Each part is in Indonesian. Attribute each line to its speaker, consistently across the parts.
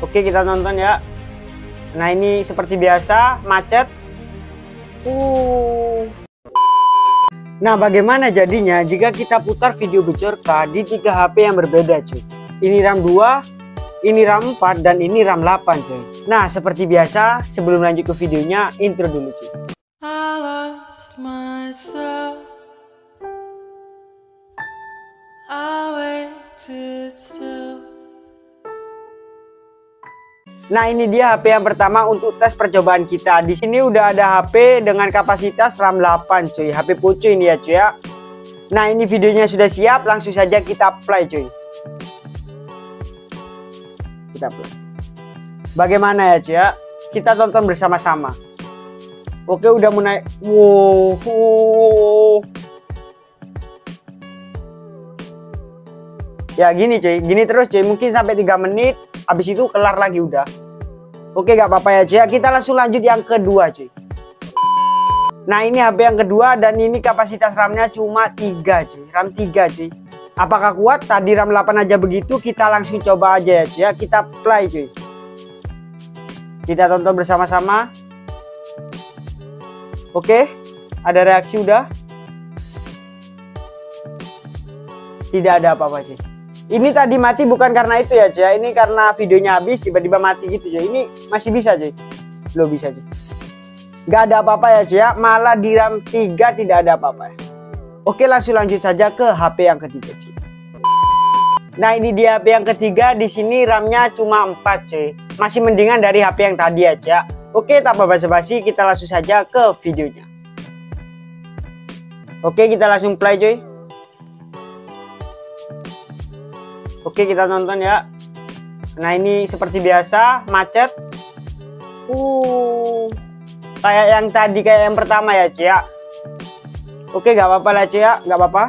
Speaker 1: Oke kita nonton ya. Nah ini seperti biasa macet. Uh. Nah bagaimana jadinya jika kita putar video bocorka di tiga HP yang berbeda cuy. Ini RAM 2, ini RAM 4, dan ini RAM 8 cuy. Nah seperti biasa sebelum lanjut ke videonya intro dulu cuy. myself. I waited still. Nah ini dia HP yang pertama untuk tes percobaan kita. Di sini udah ada HP dengan kapasitas RAM 8 cuy. HP pucu ini ya cuy ya. Nah ini videonya sudah siap. Langsung saja kita play cuy. Kita play. Bagaimana ya cuy ya? Kita tonton bersama-sama. Oke udah mulai. Wow. Ya gini cuy. Gini terus cuy. Mungkin sampai 3 menit habis itu kelar lagi udah oke gak apa-apa ya cuy ya, kita langsung lanjut yang kedua cuy nah ini HP yang kedua dan ini kapasitas RAM-nya cuma 3 cuy RAM 3 cuy apakah kuat tadi RAM 8 aja begitu kita langsung coba aja ya cuy ya. kita play cuy kita tonton bersama-sama oke ada reaksi udah tidak ada apa-apa sih. Ini tadi mati bukan karena itu ya, cuy. Ini karena videonya habis tiba-tiba mati gitu, cuy. Ini masih bisa, cuy. Lo bisa, cuy. Gak ada apa-apa ya, cuy. Ya? Malah di RAM 3 tidak ada apa-apa ya? Oke, langsung lanjut saja ke HP yang ketiga, cuy. Nah, ini dia HP yang ketiga di sini RAM-nya cuma 4, cuy. Masih mendingan dari HP yang tadi ya, Oke, tanpa basa-basi kita langsung saja ke videonya. Oke, kita langsung play, cuy. Oke kita tonton ya. Nah ini seperti biasa macet. Uh, kayak yang tadi kayak yang pertama ya Cia. Ya. Oke gak apa-apa lah Cia, ya. gak apa-apa.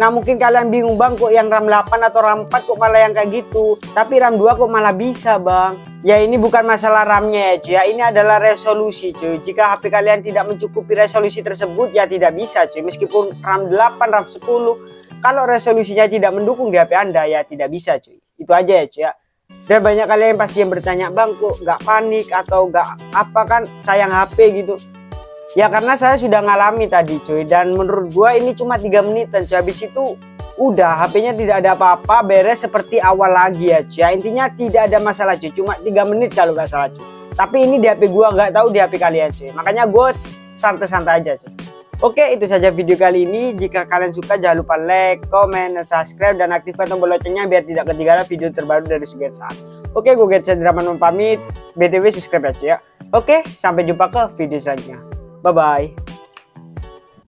Speaker 1: Nah mungkin kalian bingung bang kok yang RAM 8 atau RAM 4 kok malah yang kayak gitu. Tapi RAM 2 kok malah bisa bang. Ya ini bukan masalah RAM-nya ya cuy ya. Ini adalah resolusi cuy. Jika HP kalian tidak mencukupi resolusi tersebut ya tidak bisa cuy. Meskipun RAM 8, RAM 10 kalau resolusinya tidak mendukung di HP Anda ya tidak bisa cuy. Itu aja ya cuy ya. Dan banyak kalian yang pasti yang bertanya, "Bang, kok nggak panik atau gak apa kan sayang HP gitu?" Ya karena saya sudah ngalami tadi cuy dan menurut gua ini cuma 3 menit dan cuy habis itu udah HP-nya tidak ada apa-apa beres seperti awal lagi ya cuy ya. intinya tidak ada masalah cuy cuma 3 menit kalau gak salah cuy tapi ini di HP gua gak tahu di HP kalian cuy makanya gue santai-santai aja cuy Oke itu saja video kali ini jika kalian suka jangan lupa like, comment, dan subscribe dan aktifkan tombol loncengnya biar tidak ketinggalan video terbaru dari Sugetsa. Oke gue Getsa Draman pamit, BTW subscribe aja ya. Oke sampai jumpa ke video selanjutnya. Bye bye.